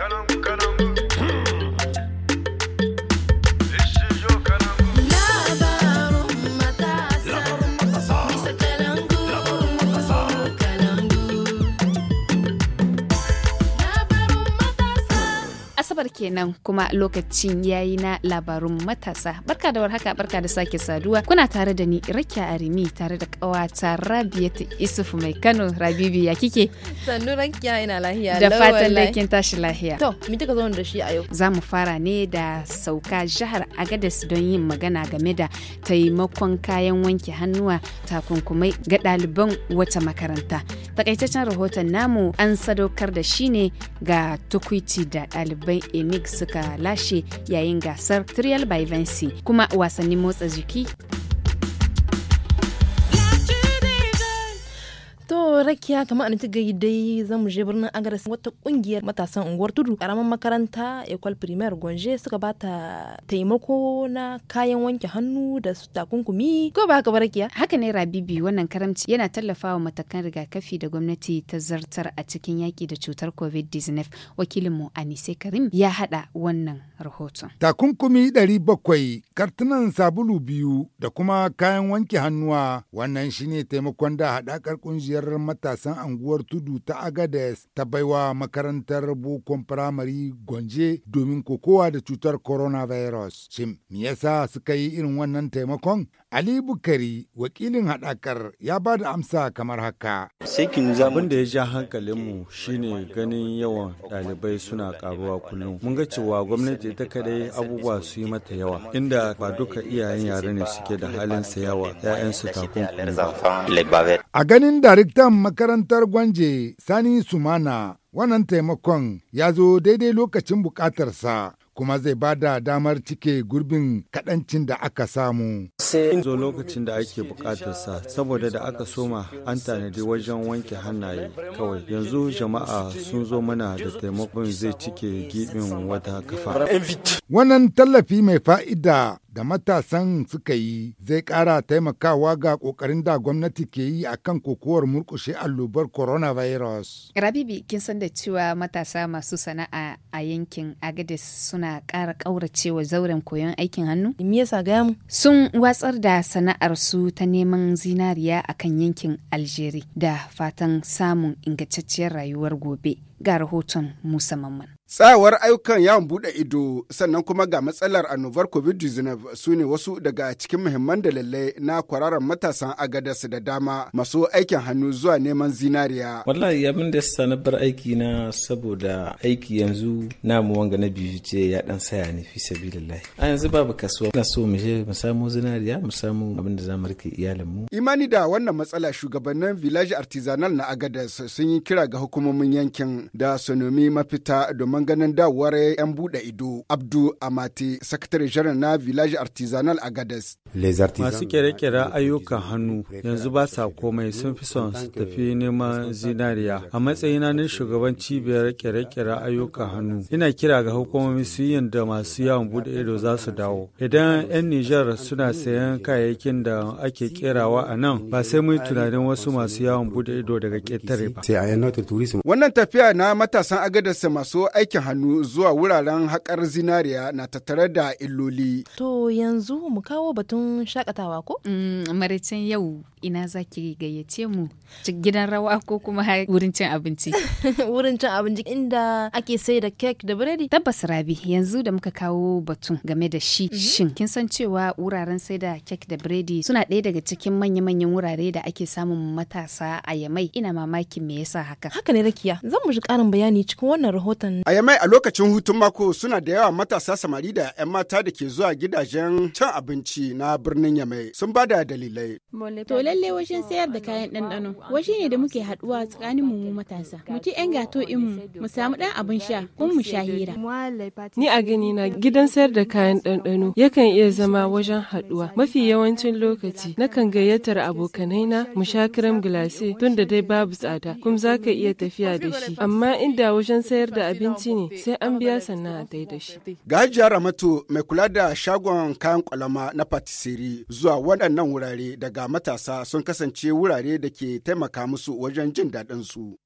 Tell them. Asabar kenan kuma lokacin yayi na labarun matasa. Barka da warhaka barka da sake saduwa. Kuna tare da ni Rakiya Arimi tare da kawata Rabiyatu Isufu mai Kano Rabibi ya kike? Sannu Rakiya ina lahiya. Da fatan da tashi lahiya. To, mi kika zo da shi a yau. Za mu fara ne da sauka jihar Agadez don yin magana game da taimakon kayan wanke hannuwa takunkumai ga ɗaliban wata makaranta. Takaitaccen rahoton namu an sadaukar da shi ne ga tukwiti da ɗalibai wasannin emig suka lashe yayin gasar trial by Vinci kuma wasannin motsa jiki rakiya kamar an tiga dai zamu je birnin agaras wata kungiyar matasan unguwar tudu karamin makaranta ecole primaire gonje suka bata taimako na kayan wanke hannu da su takunkumi ko ba haka rakiya haka ne rabibi wannan karamci yana tallafawa matakan rigakafi da gwamnati ta zartar a cikin yaki da cutar covid-19 mu anise karim ya hada wannan rahoton takunkumi 700 kartunan sabulu biyu da kuma kayan wanke hannuwa wannan shine taimakon da haɗakar kungiyar matasan anguwar tudu ta Agades ta baiwa makarantar bukon firamare gwanje domin kokowa da cutar coronavirus. Shin me yasa suka yi irin wannan taimakon? Ali Bukari wakilin haɗakar ya ba da amsa kamar haka. Abin da ya ja hankalinmu shine ganin yawan ɗalibai suna ƙaruwa kullum. Mun ga cewa gwamnati ita kadai abubuwa su yi mata yawa inda ba duka iyayen yare ne suke da halin sayawa 'ya'yansu takunkumi ba. A ganin daraktan makarantar Gwanje Sani Sumana wannan taimakon ya zo daidai lokacin bukatarsa kuma zai ba da damar cike gurbin kadancin da aka samu. zo lokacin da ake bukatarsa saboda da aka soma an tanadi wajen wanke hannaye kawai yanzu jama'a sun zo mana da taimakon zai cike gibin wata kafa. Wannan tallafi mai fa'ida da matasan suka yi zai ƙara taimakawa ga ƙoƙarin da gwamnati ke yi a kan kokowar murƙushe allobar coronavirus. Rabibi, kin san da cewa matasa masu sana'a a yankin Agadis suna ƙara ƙauracewa zauren koyon aikin hannu? Me yasa gaya mu? Sun watsar da sana'ar su ta neman zinariya a kan yankin Aljeri da fatan samun ingantacciyar rayuwar gobe. Ga rahoton Musa Mamman. Tsawar ayyukan yawon buɗe ido sannan kuma ga matsalar annobar COVID-19 su ne wasu daga cikin muhimman dalilai na kwararar matasan agadas da dama masu aikin hannu zuwa neman zinariya. Wallahi abin da sa na bar aiki na saboda aiki yanzu na mu wanga na biyu ce ya dan saya ni fi lallai A yanzu babu kasuwa na so mu je mu samu zinariya mu samu abin da za mu rike iyalinmu. Imani da wannan matsala shugabannin village artisanal na agadas sun yi kira ga hukumomin yankin da su mafita domin domin ganin dawowar 'yan buɗe ido. Abdu Amati, sakatare janar na Village Artisanal a Gadas. Masu kere-kere ayyukan hannu yanzu ba sa komai sun fi son su tafi neman zinariya. A matsayina na shugaban cibiyar kere-kere ayyukan hannu, ina kira ga hukumomi su yin da masu yawon bude ido za su dawo. Idan 'yan Nijar suna sayan kayayyakin da ake kerawa a nan, ba sai mu tunanin wasu masu yawon bude ido daga ƙetare ba. Wannan tafiya na matasan agadarsa masu aikin hannu zuwa wuraren haƙar zinariya na tattare da illoli. To yanzu mu kawo batun wajen shakatawa ko? Mm, maraicen yau ina za ki gayyace mu gidan rawa ko kuma wurin cin abinci. wurin cin abinci inda ake sai da kek da biredi. Tabbas Rabi yanzu da muka kawo batun game da shi mhm. shin kin san cewa wuraren sai da kek da biredi suna ɗaya daga cikin manya-manyan wurare da ake samun matasa a Yamai ina mamakin me yasa haka. Haka ne Rakiya zan mu ji ƙarin bayani cikin wannan rahoton. A Yamai a lokacin hutun mako suna da yawa matasa samari da 'yan mata da ke zuwa gidajen cin abinci na birnin Yamai sun bada dalilai. To lalle wajen sayar da kayan ɗanɗano waje ne da muke haɗuwa tsakanin mu matasa. Mu ci gato in mu mu samu ɗan abin sha kuma mu sha hira. Ni a gani na gidan sayar da kayan ɗanɗano yakan iya zama wajen haɗuwa. Mafi yawancin lokaci nakan gayyatar abokanai na mu sha kiram gilase tun da dai babu tsada kuma za ka iya tafiya da shi. Amma inda wajen sayar da abinci ne sai an biya sannan a da shi. Gajiyar Amatu mai kula da shagon kayan kwalama na Patis asiri zuwa waɗannan wurare daga matasa sun kasance wurare da ke taimaka musu wajen jin daɗin su.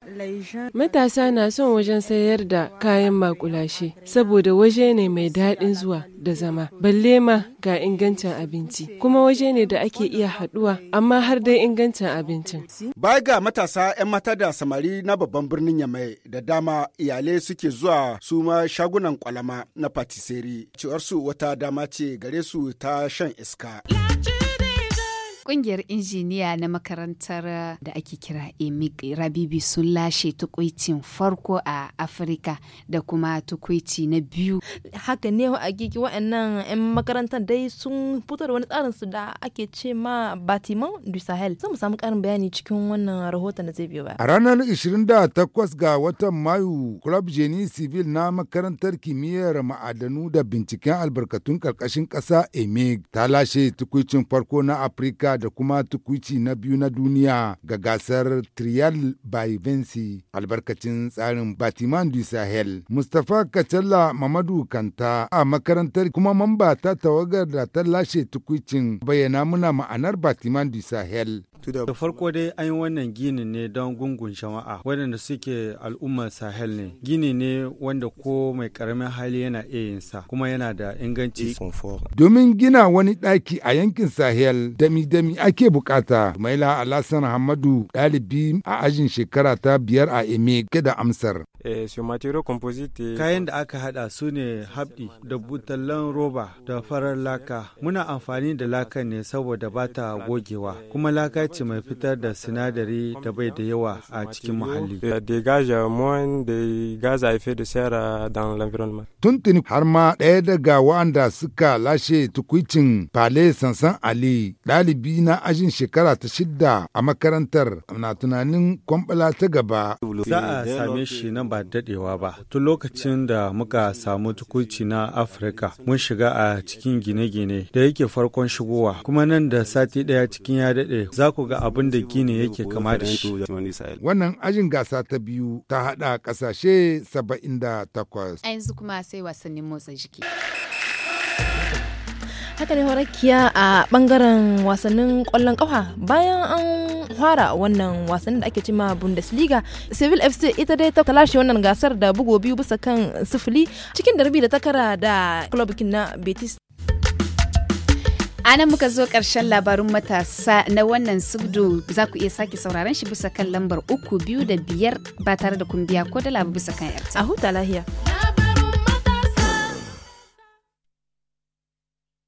Matasa na son wajen sayar da kayan makulashe saboda waje ne mai daɗin zuwa da zama balle ma ga ingancin abinci kuma waje ne da ake iya haɗuwa amma har dai ingancin abincin. Bai ga matasa 'yan mata da samari na babban birnin Yamai da dama iyalai suke zuwa su ma shagunan kwalama na patisserie. Ciwarsu wata dama ce gare su ta shan iska. Yeah. kungiyar injiniya na makarantar eh, da ake kira emig rabibi sun lashe tukwicin farko a afirka da kuma tukwici na biyu haka ne a gigi wa'annan 'yan makarantar dai sun fitar wani tsarin su da ake ce ma batiman du sahel za mu samu karin bayani cikin wannan rahoton da zai biyo ba a ranar 28 ga watan mayu club jeni civil na makarantar kimiyyar ma'adanu da binciken albarkatun karkashin ƙasa emig ta lashe tukwicin farko na afirka da kuma tukuci na biyu na duniya ga gasar Trial by Vinci albarkacin tsarin Batiman du Sahel. Mustapha Kacalla Mamadu Kanta a makarantar kuma mamba ta tawagar da ta lashe tukucin bayyana muna ma'anar Batiman du Sahel. Da farko dai an yi wannan gini ne don gungun jama'a waɗanda suke al'ummar Sahel ne. Gini ne wanda ko mai karamin hali yana iya yin sa kuma yana da inganci. Domin gina wani ɗaki a yankin Sahel dami-dami ake bukata. Maila alasan Hamadu ɗalibi a ajin shekara ta biyar a Eme ke da amsar. Eh, eh, Kayan da aka hada su ne habdi da butallan roba da farar laka. Muna amfani da laka ne saboda ba ta gogewa, kuma laka ce mai fitar da sinadari da bai da yawa a cikin muhalli. Euh, euh, Tuntuni har ma ɗaya daga waɗanda suka lashe tukwicin Fale Sansan Ali, ɗalibi na ajin shekara ta shidda a makarantar na tunanin kwambala ta gaba. Za a same shi nan ba dadewa ba. Tun lokacin da muka samu tukuci na Afirka mun shiga a cikin gine-gine da yake farkon shigowa kuma nan da sati daya cikin ya dade za ku ga abin da gine yake kama da shi. Wannan ajin gasa ta biyu ta hada kasashe 78. A yanzu kuma sai wasannin motsa jiki. haka ne horakiya a bangaren wasannin kwallon kafa bayan an fara wannan wasannin da ake cima bundesliga civil fc ita dai ta lashe wannan gasar da bugo biyu bisa kan sifili cikin darbi da takara da club na betis anan muka zo ƙarshen labarun matasa na wannan subdu za ku iya sake sauraron shi bisa kan lambar uku biyu da biyar ba tare da kun biya ko dala bisa kan yarta huta lahiya